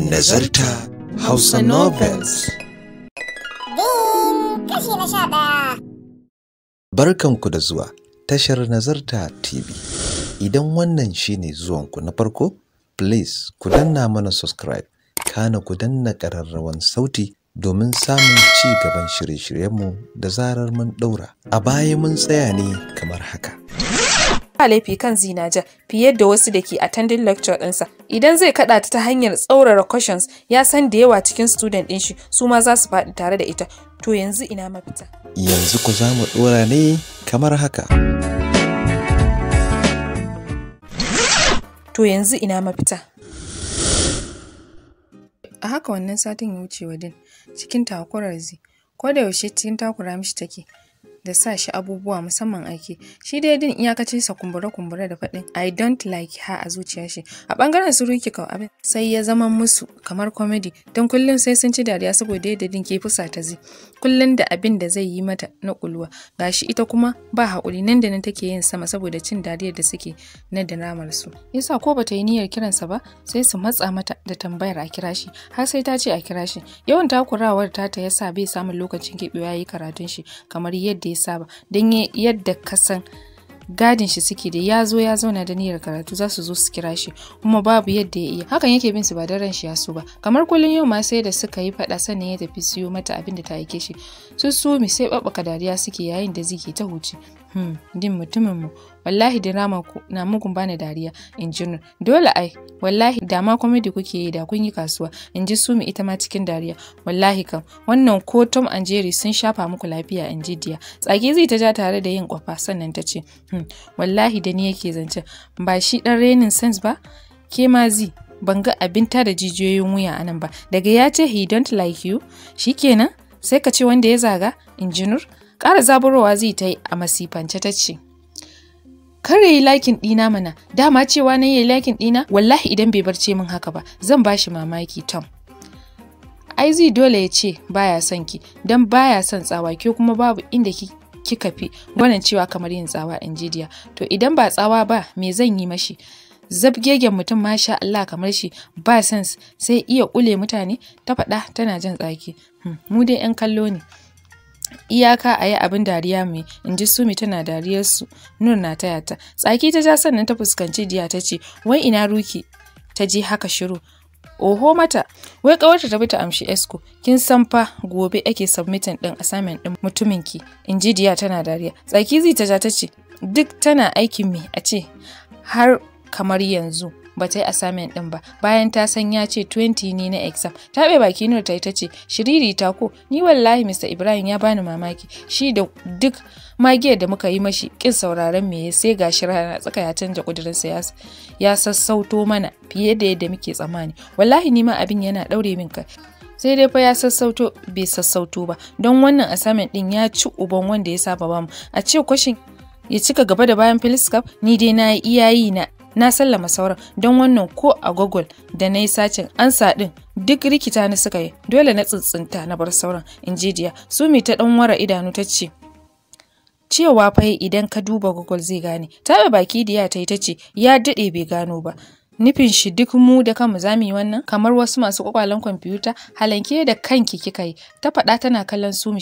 nazarta Hausa Novels. Din kashi Barkanku da zuwa tashar Nazarta TV. Idan wannan shine zuwanku na farko, please ku danna mana subscribe, kana ku danna ƙararrawan sauti domin samun ci gaban shirye-shiryenmu da zarar mun ɗaura. A baya mun tsaya ne kamar haka. ba laifi kan zinaja fiye da wasu da ke attending lecture ɗinsa idan zai kaɗa ta ta hanyar tsaurara questions ya san da yawa cikin student ɗin shi su ma za su faɗi tare da ita to yanzu ina mafita yanzu ku za mu ɗora ne kamar haka to yanzu ina mafita a haka wannan satin ya wuce wa din cikin takurar zi ko da yaushe cikin takura mishi take da sa shi abubuwa musamman aiki shi dai din iyakacin sa kumbure kumbure da faɗin i don't like her a zuciya shi a bangaren su ruki kawai abin sai ya zama musu kamar comedy don kullum sai sun ci dariya saboda yadda din ke fusa ta zi kullum da abin da zai yi mata na kulwa gashi ita kuma ba haƙuri nan da nan take yin sama saboda cin dariyar da suke na da namar su yasa ko bata yi niyyar kiransa ba sai su matsa mata da tambayar a kira shi har sai ta ce a kira shi yawan takurawar ta ta yasa bai samun lokacin keɓewa yi karatun shi kamar yadda ya saba don yadda ka san gadin shi suke da ya zo ya zauna da niyyar karatu za su zo su kira shi kuma babu yadda ya iya hakan yake bin su ba da ran shi ya so ba kamar kullum yau ma sai da suka yi faɗa sannan ya tafi siyo mata abin da ta aike shi su su mi sai babbaka dariya suke yayin da zike ta huce Hmm, din mutumin mu. Wallahi da ku na mugun bani dariya, in ji Nur. Dole ai, wallahi da ma komedi kuke yi da kun yi kasuwa, in ji mu ita ma cikin dariya. Wallahi kam, wannan ko Tom and Jerry sun shafa muku lafiya in ji diya. Tsaki zai ta ja tare da yin kwafa sannan ta ce, hmm, wallahi da ni yake zance. Ba shi dan renin sense ba? Ke ma zi, ban ga abin da jijiyoyin wuya anan ba. Daga ya ce he don't like you, shikenan sai ka ce wanda ya zaga, in ƙara zaburowa zai ta yi a masifance ta ce kar ya yi lakin ɗina mana dama cewa na yi lakin ɗina wallahi idan bai barce min haka ba zan ba shi mamaki tom ai zai dole ya ce baya son ki don baya son tsawa ke kuma babu inda kika fi wannan cewa kamar yin tsawa in jidiya to idan ba tsawa ba me zan yi mashi zabgegen mutum masha Allah kamar shi ba sense sai iya kule mutane ta faɗa tana jin tsaki hmm, mu dai 'yan kallo ne iyaka a yi abin dariya mai in ji sumi tana su nur na taya ta tsaki ta ja sannan ta fuskanci diya ta ce wai ina ruki ta ji haka shiru oho mata wai kawarta ta bi ta amshi esco kin san fa gobe ake submitting din assignment din mutuminki in ji diya tana dariya tsaki zai ta ja ta ce duk tana aikin me a ce har kamar yanzu ba ta yi assignment ɗin ba bayan ta san ya ce 20 ne na exam ta bai baki nur ta yi ta ce shiriri ta ko ni wallahi Mr Ibrahim ya bani mamaki shi da duk magiyar da muka yi mashi kin sauraron me sai gashi rana tsaka ya canja kudirin ya ya sassauto mana fiye da yadda muke tsammani wallahi ni ma abin yana daure min kai sai dai fa ya sassauto bai sassauto ba don wannan assignment din ya ci uban wanda ya saba bamu a ce kwashin ya cika gaba da bayan filiskaf ni dai na iyayi na na sallama sauran don wannan ko a google da na yi sacin an saɗin duk rikita na suka yi dole na tsintsinta na bar sauran in ji diya sumi ta ɗan wara idanu ta ce cewa fa idan ka duba google zai gane taɓa baki diya ta yi ta ce ya daɗe bai gano ba nufin shi duk mu da kanmu za mu yi wannan kamar wasu masu kwakwalen kwamfuta halanke da kanki kika yi ta faɗa tana kallon su mu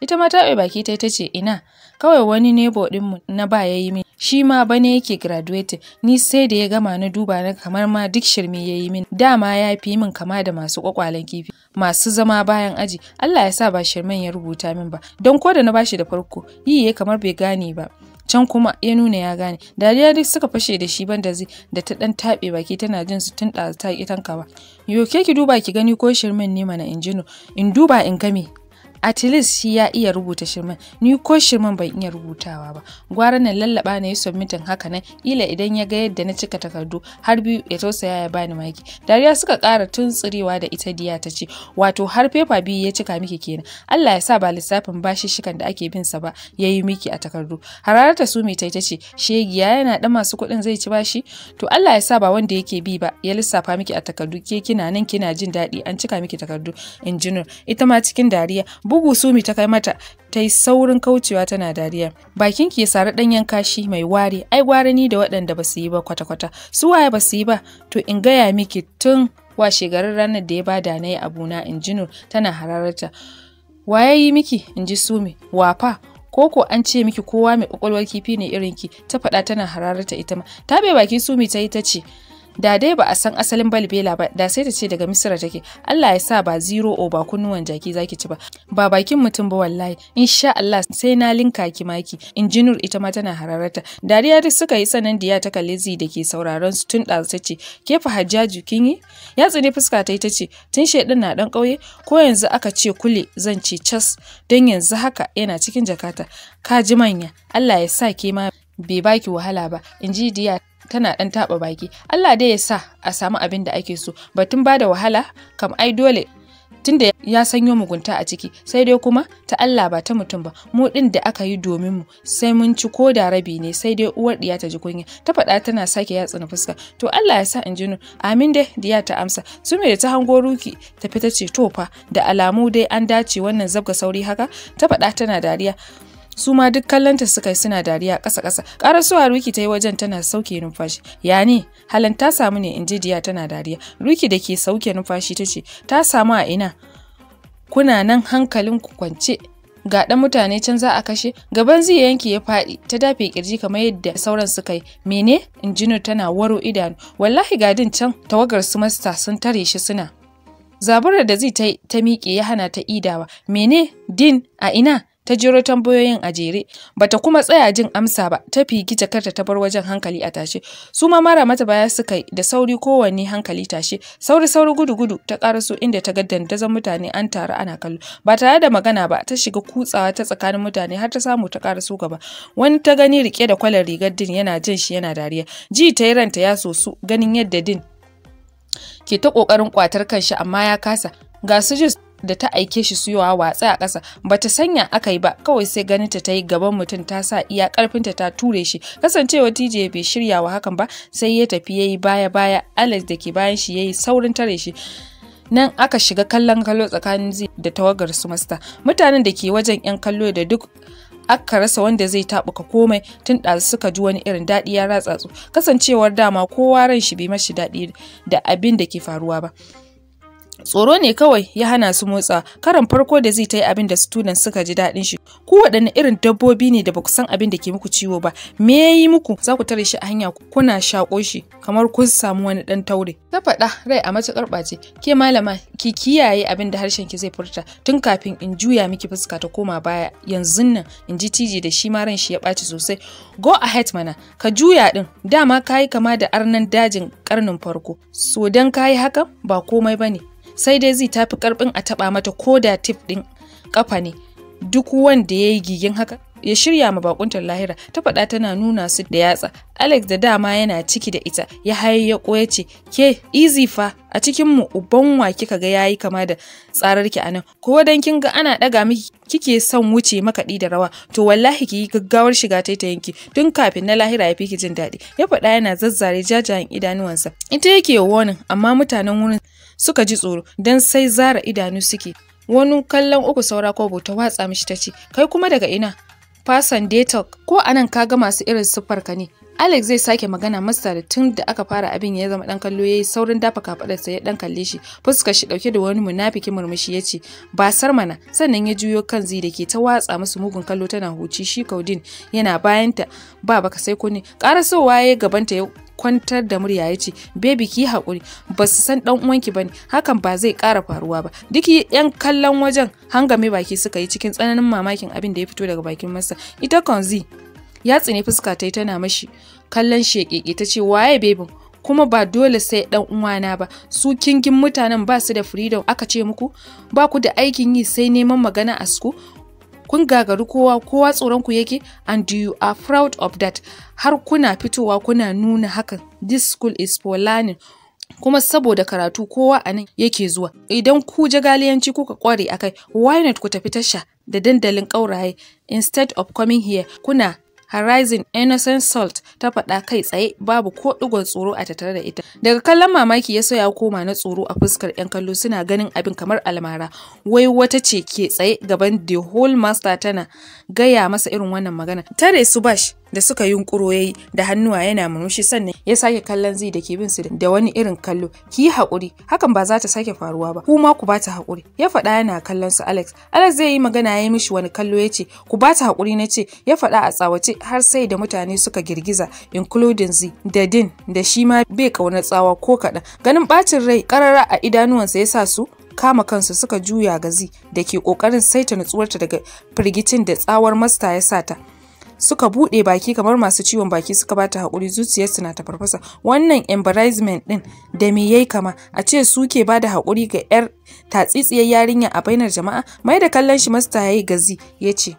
ita ma ta baki ta ce ina kawai wani nebo ɗinmu na ba ya yi min shi ma bane yake graduating ni sai da ya gama na duba na kamar ma duk shirme ya yi min dama ya fi min kama da masu kwakwalen kifi masu zama bayan aji Allah ya sa ba shirmen ya rubuta min ba don ko da na bashi da farko yi ya kamar bai gane ba can kuma ya nuna ya gane dariya duk suka fashe da shi da zai da ta dan taɓe baki tana jin su tun da ta ki tanka ba yoke ki duba ki gani ko shirmen ne mana injino in duba in game at least shi ya iya rubuta shirman ni ko shirman ban iya rubutawa ba gwara na lallaba na yi submitin haka nan ila idan ya ga yadda na cika takardu har biyu ya tausaya ya bani maki dariya suka kara tuntsirewa da ita diya ta ce wato har fefa biyu ya cika miki kenan Allah ya sa ba lissafin bashi shikan da ake bin sa ba yayi miki a takardu hararar ta sumi ta ce shegiya yana da masu kuɗin zai ci bashi to Allah ya sa ba wanda yake bi ba ya lissafa miki a takardu ke kina nan kina jin daɗi an cika miki takardu injinu ita ma cikin dariya bugu sumi ta kai mata ta yi saurin kaucewa tana dariya bakin ki ya sari ɗanyen kashi mai wari ai gwara ni da waɗanda ba su yi ba kwata-kwata su waye ba su yi ba to in gaya miki tun wa garin ranar da ya bada na yi abuna in ji nur tana hararta waye yi miki in ji sumi wafa koko an ce miki kowa mai kwakwalwar kifi ne irin ki ta faɗa tana hararta ita ma ta bai baki sumi ta yi ta ce da dai ba a san asalin balbela ba da sai ta ce daga misira take Allah ya sa ba zero o ba kunnuwan jaki zaki ci ba ba bakin mutum ba wallahi insha Allah sai na linka ki maki injinur ita ma tana hararata dariya duk suka yi sanan diya ta kalle da ke sauraron su tun da ta ce ke fa hajjaju kin yi ya tsine fuska ta ita ce tun shedin na dan kauye ko yanzu aka ce kule zan ci cas don yanzu haka yana cikin jakata ka ji manya Allah ya sa ke ma bai baki wahala ba Inji ji diya tana ɗan taɓa baki Allah dai ya sa a samu abin da ake so batun ba da wahala kam ai dole tun da ya sanyo mugunta a ciki sai dai kuma ta Allah ba ta mutum ba mu ɗin da aka yi domin mu sai mun ci ko da rabi ne sai dai uwar diya ta ji kunya ta faɗa tana sake yatsa na fuska to Allah ya sa in ji amin dai diya ta amsa su da ta hango ruki ta fita ce to fa da alamu dai an dace wannan zabga sauri haka ta faɗa tana dariya su ma duk kallonta suka yi suna dariya ƙasa ƙasa ƙara suwa ruki ta yi wajen tana sauke numfashi ya ne halin ta samu ne in jidiya tana dariya ruki da ke sauke numfashi ta ce ta samu a ina kuna nan hankalin ku kwance ga ɗan mutane can za a kashe gaban zai yanke ya faɗi ta dafe kirji kamar yadda sauran suka yi mene injiniyar tana waro idanu wallahi gadin can tawagar su masta sun tare shi suna zaburar da zai ta miƙe ya hana ta idawa mene din a ina ta jero tambayoyin a jere bata kuma tsaya jin amsa ba ta fiki jakarta ta bar wajen hankali a tashe su ma mara mata baya suka da sauri kowanne hankali tashe sauri sauri gudu gudu ta karaso inda ta ga dandazon mutane an taru ana kallo ba tare da magana ba ta shiga kutsawa ta tsakanin mutane har ta samu ta karaso gaba wani ta gani rike da kwalar rigar din yana jin shi yana dariya ji ta yi ranta ya sosu ganin yadda din ke ta kokarin kwatar kanshi amma ya kasa ga su da ta aike shi su yawa watsa a ƙasa ta sanya aka yi ba kawai sai ganin ta yi gaban mutum ta sa iya ƙarfinta ta ture shi kasancewa TJ bai shirya wa hakan ba sai ya tafi yayi baya baya Alex da ke bayan shi yayi saurin tare shi nan aka shiga kallon kallo tsakanin zai da tawagar su masta mutanen da ke wajen 'yan kallo da duk aka rasa wanda zai taɓuka komai tun ɗazu suka ji wani irin daɗi ya ratsa kasancewar dama kowa ran shi bai mashi daɗi da abin da ke faruwa ba tsoro ne kawai ya hana su motsa karan farko da zai ta yi abin da students suka ji daɗin shi ku waɗanne irin dabbobi ne da ba ku san abin da ke muku ciwo ba me ya yi muku za ku tare shi a hanya kuna shako shi kamar kun samu wani ɗan taure ta faɗa rai a matuƙar ɓace ke malama ki kiyaye abin da harshen ki zai furta tun kafin in juya miki fuska ta koma baya yanzu nan in ji tiji da shi ma ran shi ya ɓaci sosai go ahead mana ka juya ɗin dama ka kama da arnan dajin karnin farko so dan ka yi haka ba komai ba ne sai dai zai tafi karbin a taba mata ko da tif din kafa ne duk wanda ya yi gigin haka ya shirya ma bakuntar lahira ta faɗa tana nuna su da yatsa alex da dama yana ciki da ita ya hayayyako ya ce ke easy fa a cikin mu uban wa kika ga yayi kama da tsarar ki anan ko dan kin ga ana daga miki kike son wuce makaɗi da rawa to wallahi ki gaggawar shiga ta yanki tun kafin na lahira ya fi ki jin daɗi ya faɗa yana zazzare jajayen idanuwansa ita yake warning amma mutanen wurin suka ji tsoro don sai zara idanu suke wani kallon uku saura kobo ta watsa mishi ta ce kai kuma daga ina fasan detok ko anan ka ga masu irin siffarka ne Alex zai sake magana masa da tun da aka fara abin ya zama dan kallo yayi saurin dafa sa ya dan kalle shi fuskar shi dauke da wani munafiki murmushi ya ba sar mana sannan ya juyo kan zai da ke ta watsa musu mugun kallo tana huci shi Kaudin yana bayanta ba baka sai ko ne karasowa ya gabanta ya kwantar da murya ya ce bebi ki hakuri ba su san dan uwanki ba ne hakan ba zai kara faruwa ba duk yan kallon wajen hangame baki suka yi cikin tsananin mamakin abin da ya fito daga bakin masa ita konzi ya tsine fuska ta tana mashi kallon shekeke ta ce waye bebin kuma ba dole sai dan uwana ba su kingin mutanen ba su da freedom aka ce muku ba ku da aikin yi sai neman magana a suku kun gagari kowa kowa tsoron ku yake and you are proud of that har kuna fitowa kuna nuna hakan this school is for learning kuma saboda karatu kowa a nan yake zuwa idan ku jagaliyanci kuka kware akai why not ku tafi tasha da dandalin ƙauraye instead of coming here kuna Horizon Innocent Salt ta faɗa kai tsaye babu ko ɗigon tsoro a tattare da ita. Daga kallon mamaki ya soya koma na tsoro a fuskar 'yan kallo suna ganin abin kamar almara. Wai wata ce ke tsaye gaban The Whole Master tana gaya masa irin wannan magana. Tare Subash da suka yunkuro yayi da hannuwa yana murmushi sannan ya sake kallon zai da ke bin su da wani irin kallo ki yi haƙuri hakan ba za ta sake faruwa ba kuma ku ba ta haƙuri ya faɗa yana kallon su Alex Alex zai yi magana ya yi mishi wani kallo ya ce ku ba ta haƙuri na ce ya faɗa a tsawace har sai da mutane suka girgiza including zi da din da shi ma bai kauna tsawa ko kaɗan ganin ɓacin rai ƙarara a idanuwansa ya sa su kama kansu suka juya ga gazi da ke ƙoƙarin saita nutsuwarta daga firgicin da tsawar masta ya sata suka buɗe baki kamar masu ciwon baki suka bata haƙuri zuciyarsu na ta farfasa wannan embarrassment ɗin da me yayi kama a ce su ke ba da haƙuri ga 'yar tatsitsiyar yarinya a bainar jama'a mai da kallon shi masta yayi gazi ya ce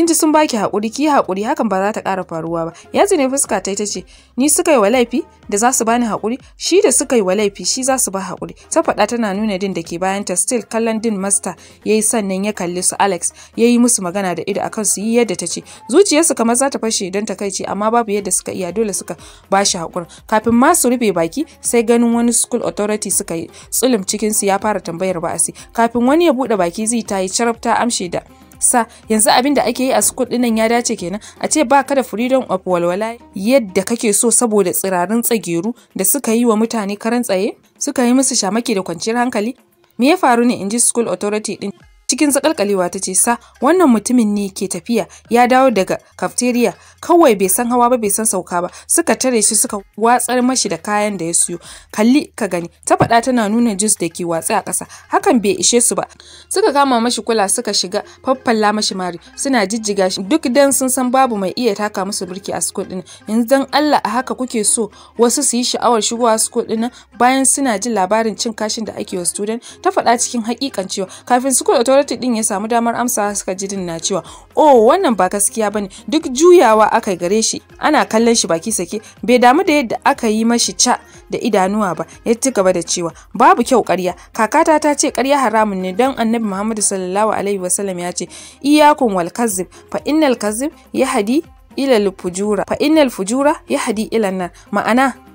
kin ji sun baki haƙuri ki haƙuri hakan ba za ta ƙara faruwa ba ya ne fuska ta ita ce ni suka yi wa laifi da za su bani haƙuri shi da suka yi wa laifi shi za su ba haƙuri ta faɗa tana nuna din da ke bayan ta still kallon din master ya yi sannan ya kalli su alex ya yi musu magana da ido akan su yi yadda ta ce zuciyarsu kamar za ta fashe don ta kai ce amma babu yadda suka iya dole suka ba shi haƙuri kafin ma su rufe baki sai ganin wani school authority suka yi tsulum cikinsu ya fara tambayar ba'asi kafin wani ya buɗe baki zai ta yi carabta amshe da sa yanzu abin da ake yi a school dinnan ya dace kenan a ce ba ka da freedom of walwala yadda kake so saboda tsirarin tsageru da suka yi wa mutane karan tsaye suka yi musu shamaki da kwanciyar hankali me ya faru ne in ji school authority din cikin zakalkalewa ta ce sa wannan mutumin ne ke tafiya ya dawo daga cafeteria kawai bai san hawa ba bai san sauka ba suka tare shi suka watsar mashi da kayan da ya siyo kalli ka gani ta faɗa tana nuna jus da ke watsa a ƙasa hakan bai ishe su ba suka kama mashi kula suka shiga faffalla mashi mari suna jijjiga shi duk dan sun san babu mai iya taka musu birki a school din yanzu dan Allah a haka kuke so wasu su yi sha'awar shigowa school din bayan suna jin labarin cin kashin da ake wa student ta faɗa cikin haƙiƙan cewa kafin school security din ya samu damar amsa suka ji din na cewa oh wannan ba gaskiya bane duk juyawa aka gare shi ana kallon shi baki sake bai damu da yadda aka yi mashi ca da idanuwa ba ya ci gaba da cewa babu kyau ƙarya kakata ta ce ƙarya haramun ne don annabi muhammadu sallallahu alaihi wasallam ya ce iyakun wal kazzib fa innal kazzib ya hadi ila fujura fa innal fujura ya hadi ila nan ma'ana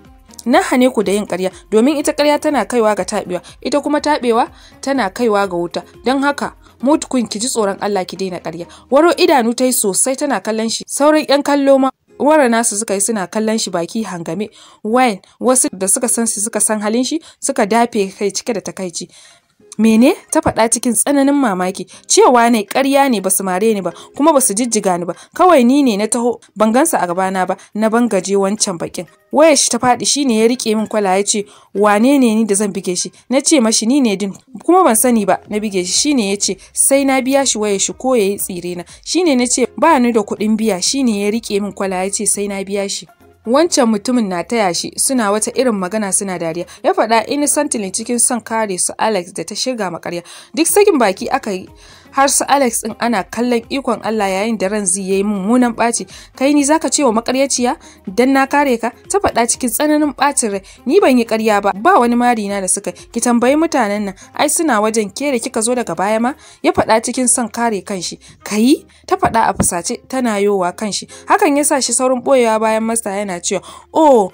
na hane ku da yin ƙarya domin ita ƙarya tana kaiwa ga taɓewa ita kuma taɓewa tana kaiwa ga wuta don haka mutukun ki ji tsoron Allah ki daina ƙarya waro idanu ta yi sosai tana kallon shi sauran 'yan kallo ma wara nasu suka yi suna kallon shi baki hangame wayan wasu da suka san shi suka san halin shi suka dafe kai cike da takaici mene ta faɗa cikin tsananin mamaki cewa ne ƙarya ne ba su mare ni ba kuma ba su jijjiga ni ba kawai ni ne na taho ban gansa a gabana ba na bangaje wancan bakin wayar shi ta faɗi shi ne ya riƙe min kwala ya ce wane ne ni da zan bige shi na ce mashi ni ne din kuma ban sani ba na bige shi shi ne ya ce sai na biya shi wayar shi ko ya yi tsire na shi ne na ce ba ni da kuɗin biya shi ne ya riƙe min kwala ya ce sai na biya shi wancan mutumin na taya shi suna wata irin magana suna dariya ya faɗa innocently cikin son kare su alex da ta shirga makarya duk sakin baki aka yi har su Alex din ana kallon ikon Allah yayin da Ranzi yi mummunan ɓaci kai ni zaka ce wa makaryaciya dan na kare ka ta faɗa cikin tsananin ɓacin rai ni ban yi ƙarya ba ba wani mari na da suka ki tambayi mutanen nan ai suna wajen ke da kika zo daga baya ma ya faɗa cikin son kare kanshi kai ta faɗa a fusace tana yowa kanshi hakan ya sa shi saurin ɓoyewa bayan masa yana cewa oh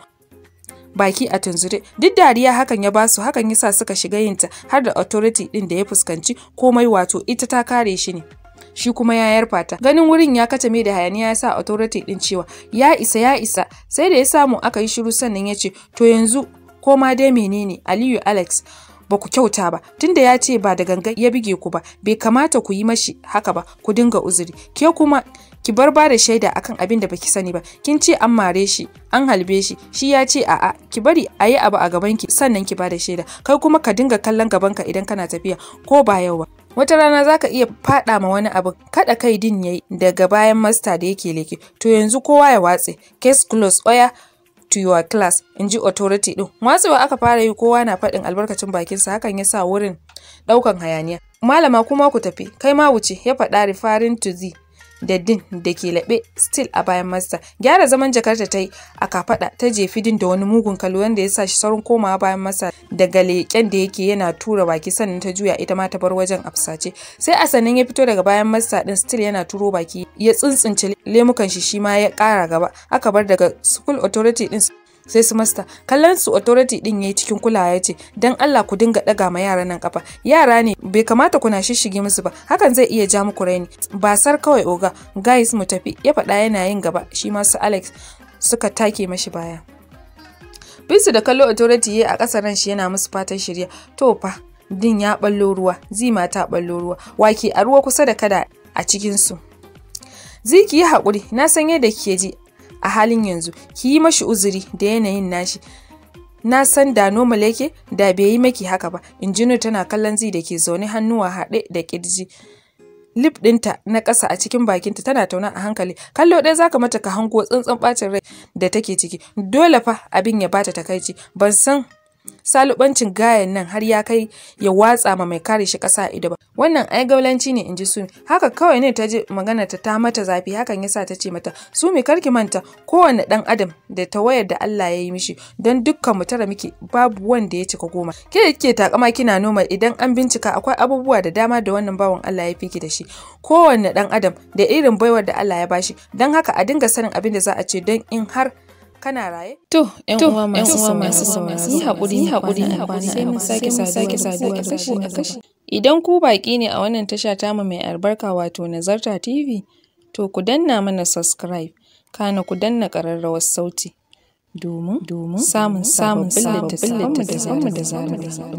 baki a tunzure duk dariya hakan ya basu hakan yasa suka shiga yinta har da authority din da ya fuskanci komai wato ita ta kare shi ne shi kuma ya yarfa ta ganin wurin ya kace mai da hayaniya ya sa authority din cewa ya isa ya isa sai da ya samu aka yi shiru sannan ya ce to yanzu ko ma dai menene Aliyu Alex ba ku kyauta ba tunda ya ce ba da gangan ya bige ku ba bai kamata ku yi mashi haka ba ku dinga uzuri ke kuma ki bar ba da shaida akan abin da baki sani ba kin ce an mare shi an halbe shi shi ya ce a'a ki bari a yi abu a gaban ki sannan ki ba da shaida kai kuma ka dinga kallon gaban ka idan kana tafiya ko ba yau ba wata rana za ka iya faɗa ma wani abu kada kai din yayi daga bayan masta da yake leke to yanzu kowa ya watse case close oya to your class in ji authority din watsewa aka fara yi kowa na faɗin albarkacin bakinsa hakan ya sa wurin ɗaukan hayaniya malama kuma ku tafi kai ma wuce ya faɗa rifarin to zi da din da ke laɓe still a bayan masta gyara zaman jakarta ta yi a kafaɗa ta jefi din da wani mugun kallo wanda ya sa shi saurin komawa bayan masa daga leƙen da yake yana tura baki sannan ta juya ita ma ta bar wajen afsace sai a sannan ya fito daga bayan masta din still yana turo baki ya tsuntsunce lemukan shi shi ma ya ƙara gaba aka bar daga school authority din sai su masta kallon su authority din yayi cikin kulawa ce dan Allah ku dinga daga ma yara nan kafa yara ne bai kamata kuna shishige musu ba hakan zai iya ja muku raini ba sar kawai oga guys mu tafi ya faɗa yana yin gaba shi ma su Alex suka take mashi baya Bisu da kallo authority yayi a kasar ran shi yana musu fatan shirya to fa din ya ballo ruwa zima ta ballo ruwa wake a ruwa kusa da kada a cikin su Ziki yi haƙuri, na san yadda kike ji, a halin yanzu ki yi mashi uzuri da yanayin nashi na san da normal yake da bai yi maki haka ba injinu tana kallon zi da ke zaune hannuwa haɗe da ƙirji lip ɗinta na ƙasa a cikin bakinta tana tauna a hankali kallo ɗaya zaka mata ka hango tsantsan ɓacin rai da take ciki dole fa abin ya bata takaici ban san salubancin gayan nan har ya kai ya watsa ma mai kare shi kasa ido ba wannan ai gaulanci ne inji sumi haka kawai ne ta ji magana ta ta mata zafi hakan yasa ta ce mata sumi karki manta kowane dan adam da ta wayar da Allah ya yi mishi don dukkan mu tara miki babu wanda ya cika goma ke kike takama kina noma idan an bincika akwai abubuwa da dama da wannan bawan Allah ya fiki da shi kowane dan adam da irin baiwar da Allah ya bashi don haka a dinga sanin abin da za a ce don in har kana raye? To, ‘yan uwa masu saurari, yi haƙuri, yi haƙuri, sai mun sake sake saduwa a kashi a kashi. Idan ku baƙi ne a wannan tasha tamu mai albarka wato Nazarta TV, to ku danna mana subscribe, kana ku danna ƙararrawar sauti. Domin samun samun samun da zamu da zamu.